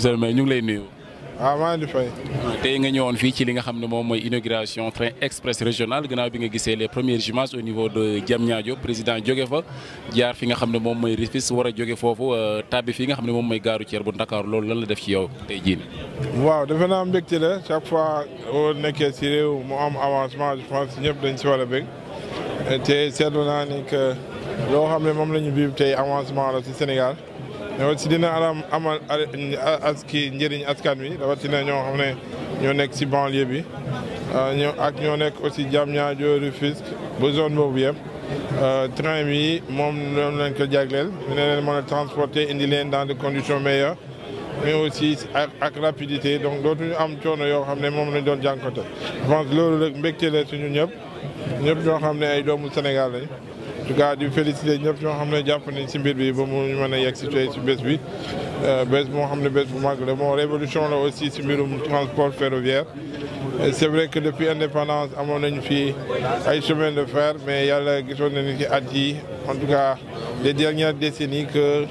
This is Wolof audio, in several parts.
sëñ ñu ngi lay nuyu. waaw ah, maa ngi fay. tey nga ñëwoon fii ci li nga xam ne moom mooy inauguration train express régional gannaaw bi nga gisee les première images au niveau de Diamniadio président jóge fa jaar fi nga xam ne moom mooy Rufisque war a jóge foofu euh, tàbbi fi nga xam ne moom mooy gaaru ceer bu Ndakaaru loolu lan la def ci yow te jii. waaw defe naa mbégte la chaque fois boo nekkee si réew mu am avancement je pense ñëpp dañ si war a bég te seetlu naa ni que loo xam ne moom la ñu vivre tey avancement la si Sénégal. si dina a amal kii njëriñ askan wi na ñoo xam ne ñoo nekk si banlieue bi ah, ñoo ak ñoo nekk aussi jam ñaar Diamniadio Rufisque ba zone boobu yëpp ah, train bi moom moom lañ ko jagleel ñu ne leen mën a transporter indi leen dans des condition meilleures mais aussi ak ak rapidité donc dootuñu am coono yoo xam ne moom lañ doon jànkote je pense loolu rek mbégte la suñu ñëpp ñëpp ñoo xam ne ay doomu Sénégal lañ tout cas di félicité ñëpp xam ne jàpp nañ si mbir bi ba mu mën a yegg si tey si bés bi euh, bés moo xam ne bés bu mag la bon révolution la aussi si mbirum transport ferroviaire euh, c' est vrai que depuis indépendance amoon nañu fii ay chemin de fer mais yàlla gisoon nañu si at yi en tout cas les dernières décennies que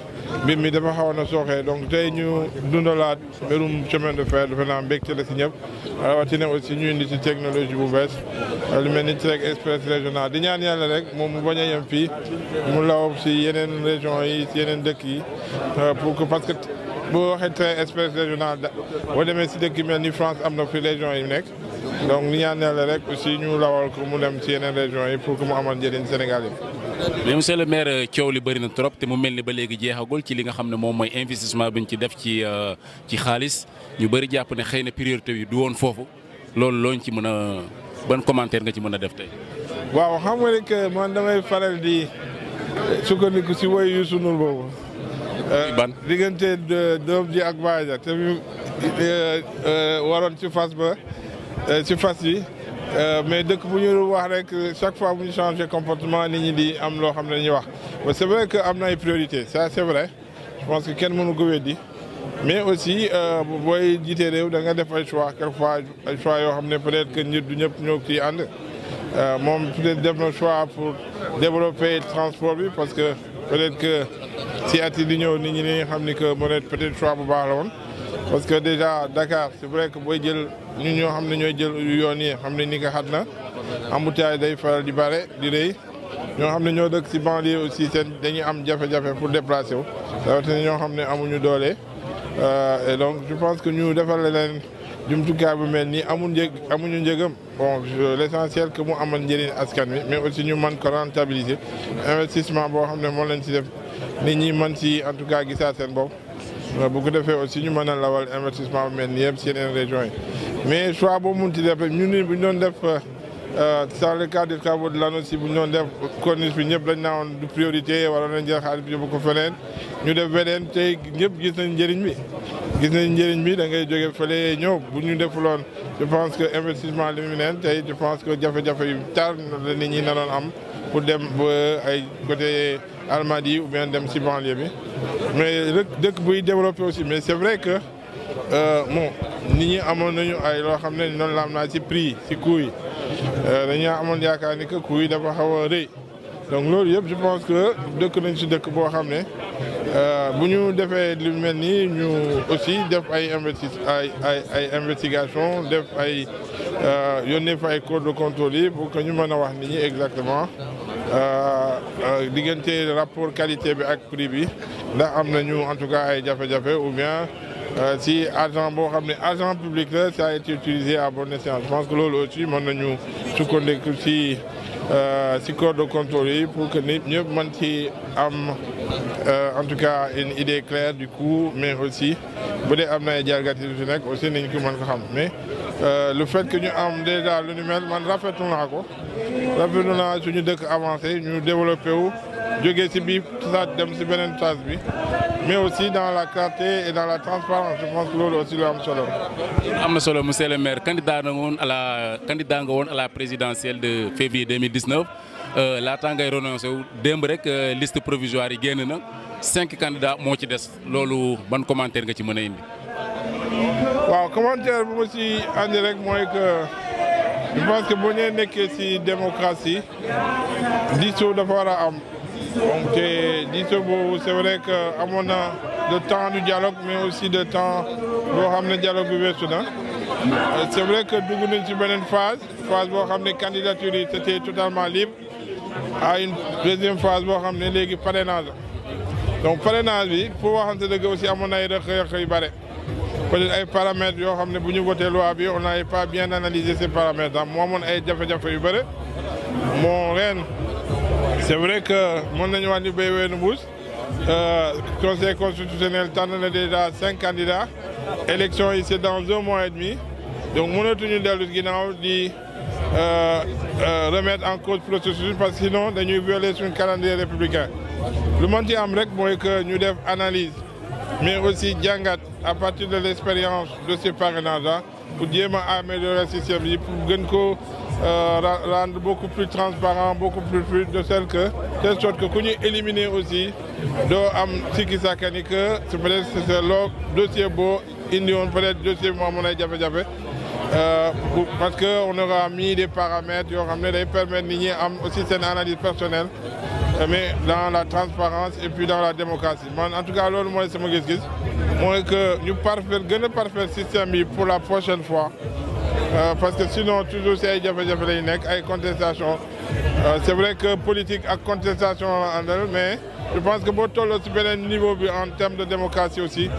mbir mi dafa xawoon na sooxee donc tey ñu dundalaat mbirum chemin de fer dafa naa mbégte la si ñëpp rawatina aussi ñu indi ci technologie bu bees lu mel ni Trek express régional di ñaan yàlla rek moom mu bañ a yem mu law si yeneen région yi si yeneen dëkk yi euh, pour que parce que boo waxee Trek express régional boo demee si dëkk yi mel ni France am na fi région yi nekk donc di ñaan yàlla rek aussi ñu lawal ko mu dem si yeneen région yi pour k mu amal njëriñ Sénégal yi mais monsieur le maire euh, coow li bari na trop te mu mel ni ba léegi jeexagul ci li nga xam ne moom mooy investissement bi ñu ci def ci euh, ci xaalis ñu bëri jàpp ne xëy na priorité bi du woon foofu loolu looñ ci mën a ban commentaire nga ci mën a def tey. waaw xam nga ni que man damay faral di sukkandiku si woy yu sunul boobu. Euh, ban diggante doom ji ak baay ja te mu waroon ci fas ba ci fas yi. Euh, mais dëkk bu ñu wax rek chaque fois bu ñu changé comportement nit ñi di am loo xam ne dañuy wax mais c'est vrai que am na ay priorité ça c'est vrai je pense que kenn mënu ko weddi mais aussi euh, booy jiitee réew da nga def ay choix quelquefois ay choix yoo xam ne peut-être que nit du ñëpp ñoo ki ànd euh, moom peut-être def na choix pour développer transport bi parce que peut-être que si at yi di ñëw nit ñi dañuy xam ni que peut-être peut-être choix bu baax la woon parce que déjà Dakar c'est vrai que booy jël ñun ñoo xam ne ñooy jël yoon yi xam ne ni nga xat na embouteillage day faral di bare di rëy ñoo xam ne ñoo dëkk ci banlieue aussi seen dañuy am jafe-jafe pour déplacer wu rawatina ñoo xam ne amuñu doole euh, et donc je pense que ñu defal leen jumtukaay bu mel ni amul njëg amuñu njëgam bon l'essentiel que mu amal njëriñ askan wi mais aussi ñu man ko rentabiliser investissement boo xam ne moo leen ci def nit ñi mën ci en tout cas gisaa seen bopp bu ko defee aussi ñu mën a lawal investissement bu mel ni yëpp si yeneen région yi mais choix bo mun ci def ñu ni bu ñu doon def euh, dans le cadre des travaux de l'ANOCI bu ñu doon def corniche bi ñëpp dañ naa woon du priorité waroon nañ jël xaalis bi yóbbu ko feneen ñu def beneen tey ñëpp gis nañ njëriñ bi gis nañ njëriñ bi da ngay jóge fële ñëw bu ñu defuloon je pense que investissement li tey je pense que jafe-jafe yu tar la nit ñi naroon am pour dem ba ay côté Almadies ou bien dem si banlieue bi mais rek dëkk buy développé aussi mais c' est vrai que euh, bon nit ñi amoon nañu ay loo xam ne noonu la am naa ci prix ci coût yi euh, dañoo amoon yaakaar ni que coût yi dafa xaw a donc loolu yëpp je pense que dëkk nañu ci dëkk boo xam ne euh, bu ñu defee lu mel ni ñu aussi def ay investi ay ay ay investigation def ay yon fa ay code de contrôle yi pour que ñu mën a wax nit ñi exactement Euh, euh, diggante rapport qualité bi ak prix bi ndax am nañu en tout cas ay jafe-jafe ou bien euh, si agent boo xam ne agent public la ça a été utilisé à bon escient je pense que loolu aussi mën nañu sukkandiku si si corps de contrôle yi pour que nit ñëpp mën ci am en tout cas une idée claire du coût mais aussi bu dee am na ay jalgati yu si nekk aussi nañ ko mën ko xam mais Euh, le fait que ñu am déjà lu ñu mel man rafetlu naa ko rafetlu naa suñu dëkk avancé ñu développé wu jógee ci biir stade dem ci beneen phase bi mais aussi dans la clarté et dans la transparence je pense que loolu am solo. am na solo monsieur le maire candidat nga woon à la candidat nga woon la présidentielle de février 2019 euh, laataa ngay renoncé wu démb rek euh, liste provisoire yi génn na cinq candidats moo ci des loolu ban commentaire nga ci mën a indi. waaw commentaire bu ma ci andi rek mooy que je pense que boo ñee nekkee si ci démocratie diisoo dafa war a am donc te diisoo boobu c'est vrai que amoon na le temps du dialogue mais aussi de temps boo xam ne dialogue bi weesu na c'est vrai que dugg nañ ci beneen phase phase boo xam ne candidature yi c'était totalement libre à une deuxième phase boo xam ne léegi parrainage donc parrainage bi pour waxante dëgg aussi amoon na ay rëq-rëq yu bare peut ay paramètres yoo xam ne bu ñu voté loi bi on n'avait pas bien analysé ces paramètres là moo amoon ay jafe-jafe yu bëre moo ren c'est vrai que mën nañu wax ni béy weenu mbuus euh, conseil constitutionnel tànn na déjà cinq candidats élection yi c'est dans un mois et demi ñu mënatuñu dellu ginnaaw di euh, euh, remettre en cause processus parce que sinon dañuy violer suñu calendrier républicain lu mën ci am rek mooy que ñu def analyse mais aussi jàngat à partir de l'expérience de ces parrainages pour jéem a améliorer système yi pour gën ko euh, rendre beaucoup plus transparent beaucoup plus fluide de telle que telle sorte ku ñu éliminer aussi doo am sikki sàkka ni que c'est peut-être c'est loo dossier bo indi woon peut-être dossier moo amoon ay jafe-jafe euh, parce que on aura mis des paramètres yoo xam ne day permettre ni ñi am aussi seen analyse personnelle mais dans la transparence et puis dans la démocratie man en tout cas loolu mooy sama gis-gis mooy que ñu parfaire gën a parfaire système pour la prochaine fois euh, parce que sinon toujours si ay jafe-jafe lañu nekk ay contestation euh, c'est vrai que politique ak contestation la àndal mais je pense que boo tolloo si beneen niveau bi en termes de démocratie aussi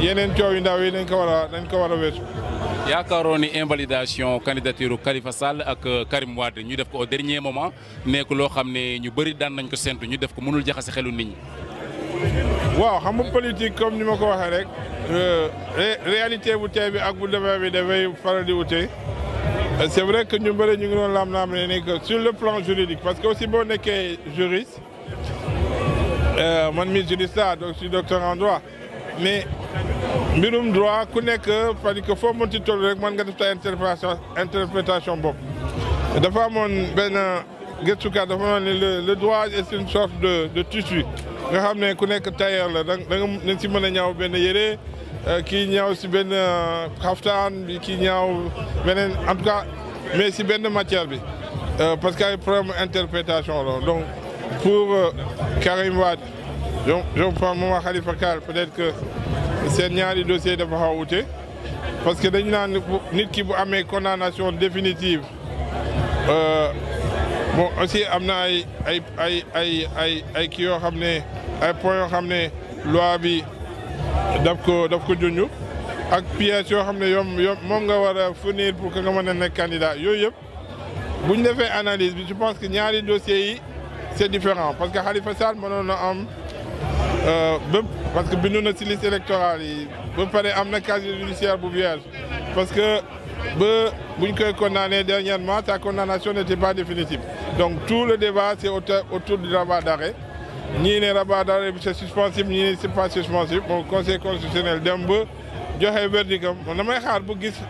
yeneen coow yu ndaw yi dañ ko war a dañ ko war a weesu yaakaaroon ni invalidation candidature Khalifa Sall ak Karim Wade ñu def ko au dernier moment nekk loo xam ne ñu bëri daan nañ ko séntu ñu def ko mënul jaxase xelu nit waaw xam nga politique comme ni ma ko waxee rek euh, réalité bu tey bi ak bu débat bi dafay faral di wute c'est vrai que ñu bëri ñu ngi doon laam laam ne ni que sur le plan juridique parce que aussi boo nekkee juriste euh, man mi juriste laa donc je mais. mbirum droit ku nekk parce que foo mën ci toll rek mën nga def ta interprétation interprétation bopp dafa amoon benn gëstukat dafa noon ne le droit est une de de tissu nga xam ne ku nekk tailleur la da nga da si mën a ñaaw benn yére euh, kii ñaaw si benn euh, xaftaan bi ki ñaaw beneen en tout cas mais si benn matière bi euh, parce que ay problème interprétation la donc pour Karim Wade donc je pense moom Khalifa Kall peut-être que seen ñaari dossier dafa xaw wute parce que dañu naan nit ki bu amee condamnation définitive euh, bon aussi am na ay ay ay ay kii yoo xam ne ay point yoo xam ne loi bi daf ko daf ko junj ak pièces yoo xam ne yom moom nga war a fournir pour que nga mën a nekk candidat yooyu yëpp bu ñu defee analyse bi je pense que ñaari dossiers yi c'est différent parce que Khalifa Sall mënoon na am. Euh, ba parce que bindu na ci liste électorale yi ba pare am na casier judiciaire bu vierge parce que ba buñ koy condamné dernièrement sa condamnation n'était pas définitive donc tout le débat c'est autour du rabat d'arrêt ñii ne rabat d'arrêt bi c'est suspensif ñii ne c'est pas suspensif moom conseil constitutionnel dem ba joxe verdictam man damay xaar bu gis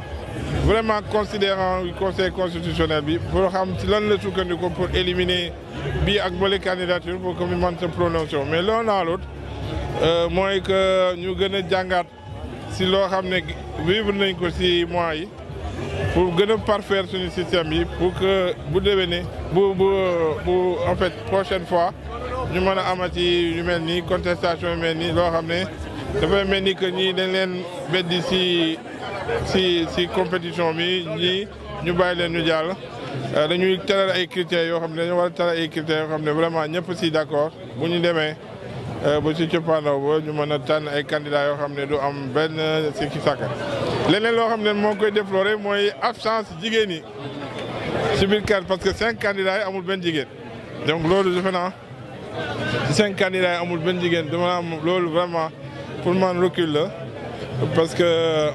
vraiment considérant conseil constitutionnel bi pour xam ci lan la sukkandiku pour éliminer bi ak bële candidature pour que ñu mën sa prononciation mais loo naa l'autre euh, mooy que ñu gën a jàngaat si loo xam ne vivre nañ ko si mois yi pour gën a parfaire suñu système bi pour que bu déwénee bu bu bu en fait prochaine fois ñu mën a amati yu mel nii contestation yu mel nii loo xam ne. dafay mel ni que ñii dañ leen beddi si si si compétition bi ñii ñu bàyyi leen ñu jàll. Euh, dañuy teral ay critères yoo xam ne dañoo war a teral yoo xam ne vraiment ñëpp si d' accord bu ñu demee euh, ba si coppaandaw ba ñu mën a tànn ay candidats yoo xam ne du am benn sikki sàkka leneen loo xam ne moo koy déploré mooy absence jigéen ñi si biir carte parce que cinq candidats amul benn jigéen donc loolu defe naa cinq candidats amul benn jigéen dama am loolu vraiment. pour man recul la parce que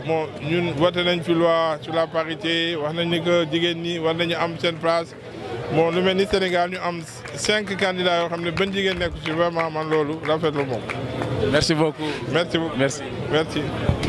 moo ñun voté nañ fi loi sur la parité wax nañ ni que jigéen ñi war nañu am seen place bon lu mel ni Sénégal ñu am cinq candidats yoo xam ne benn jigéen nekku ci vraiment man loolu rafetlu moom. merci beaucoup merci beaucoup merci